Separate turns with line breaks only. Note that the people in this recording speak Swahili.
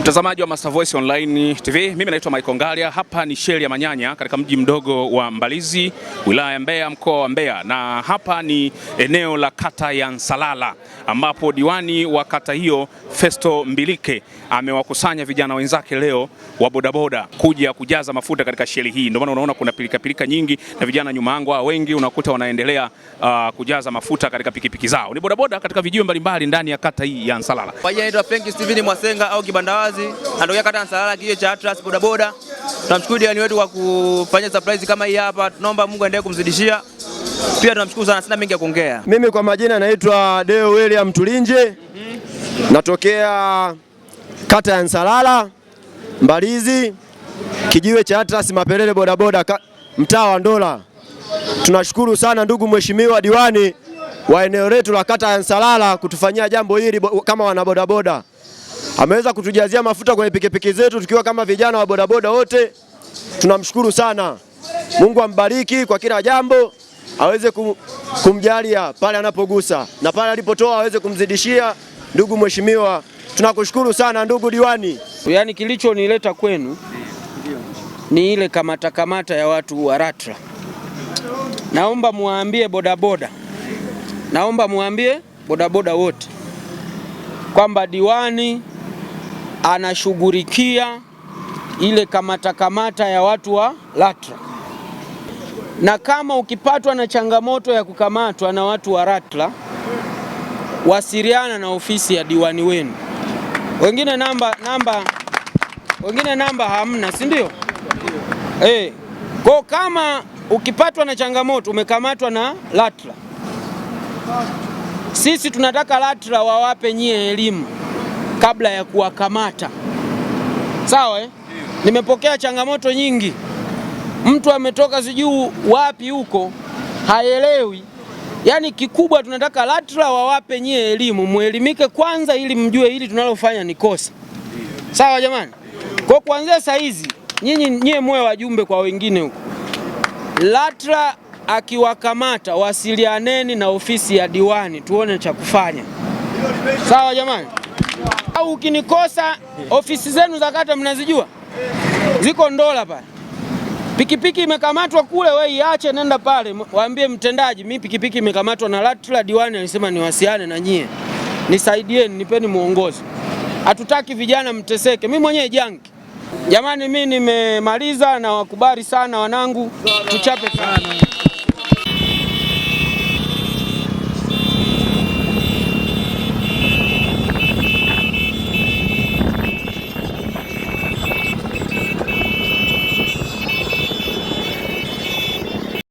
Mtazamaji wa Master Voice Online TV, mimi naitwa Michael Ngalia. Hapa ni sheli ya Manyanya katika mji mdogo wa Mbalizi, wilaya ya Mbeya, mkoa wa Mbeya, na hapa ni eneo la kata ya Nsalala ambapo diwani wa kata hiyo Festo Mbilike amewakusanya vijana wenzake leo wa bodaboda kuja kujaza mafuta katika sheli hii. Ndio maana unaona kuna pilika -pilika nyingi na vijana nyuma yangu wengi unakuta wanaendelea uh, kujaza mafuta katika pikipiki zao. Ni bodaboda katika vijiji mbalimbali ndani ya kata hii ya Nsalala.
Kwa jina naitwa Penki Steven Mwasenga au Kibandawazi Msimbazi, anatokea kata Nsalala, kijiji cha Atlas bodaboda. Tunamshukuru diwani wetu kwa kufanya surprise kama hii hapa, tunaomba Mungu aendelee kumzidishia. Pia tunamshukuru sana, sina mengi ya kuongea.
Mimi kwa majina naitwa Deo William Tulinje, mm -hmm. natokea kata ya Nsalala Mbalizi, kijiwe cha Atlas Mapelele bodaboda, mtaa wa Ndola. Tunashukuru sana ndugu mheshimiwa diwani wa eneo letu la kata ya Nsalala kutufanyia jambo hili kama wanabodaboda ameweza kutujazia mafuta kwenye pikipiki zetu tukiwa kama vijana wa bodaboda wote. Tunamshukuru sana, Mungu ambariki kwa kila jambo, aweze kumjalia pale anapogusa na pale alipotoa aweze kumzidishia. Ndugu mheshimiwa, tunakushukuru sana ndugu diwani.
Yaani kilichonileta kwenu ni ile kamata kamata ya watu wa LATRA. Naomba muwaambie bodaboda, naomba muambie bodaboda wote kwamba diwani anashughulikia ile kamata kamata ya watu wa LATRA, na kama ukipatwa na changamoto ya kukamatwa na watu wa LATRA, wasiliana na ofisi ya diwani wenu. Wengine namba, namba, wengine namba hamna, si ndio? Eh, kwa kama ukipatwa na changamoto umekamatwa na LATRA, sisi tunataka LATRA wawape nyie elimu kabla ya kuwakamata. Sawa eh? Nimepokea changamoto nyingi, mtu ametoka sijui wapi huko haelewi. Yaani kikubwa tunataka LATRA wawape nyie elimu, mwelimike kwanza, ili mjue hili tunalofanya ni kosa. Sawa jamani, kwa kuanzia saa hizi nyinyi nyie muwe wajumbe kwa wengine huko. LATRA akiwakamata, wasilianeni na ofisi ya diwani tuone cha kufanya. Sawa jamani au ukinikosa, ofisi zenu za kata mnazijua, ziko Ndola pale. Pikipiki imekamatwa kule, wewe iache, nenda pale waambie mtendaji, mi pikipiki imekamatwa na LATRA, diwani alisema niwasiane na nyie, nisaidieni, nipeni mwongozo. Hatutaki vijana mteseke, mi mwenyewe janki. Jamani, mi nimemaliza, na wakubali sana wanangu, tuchape sana.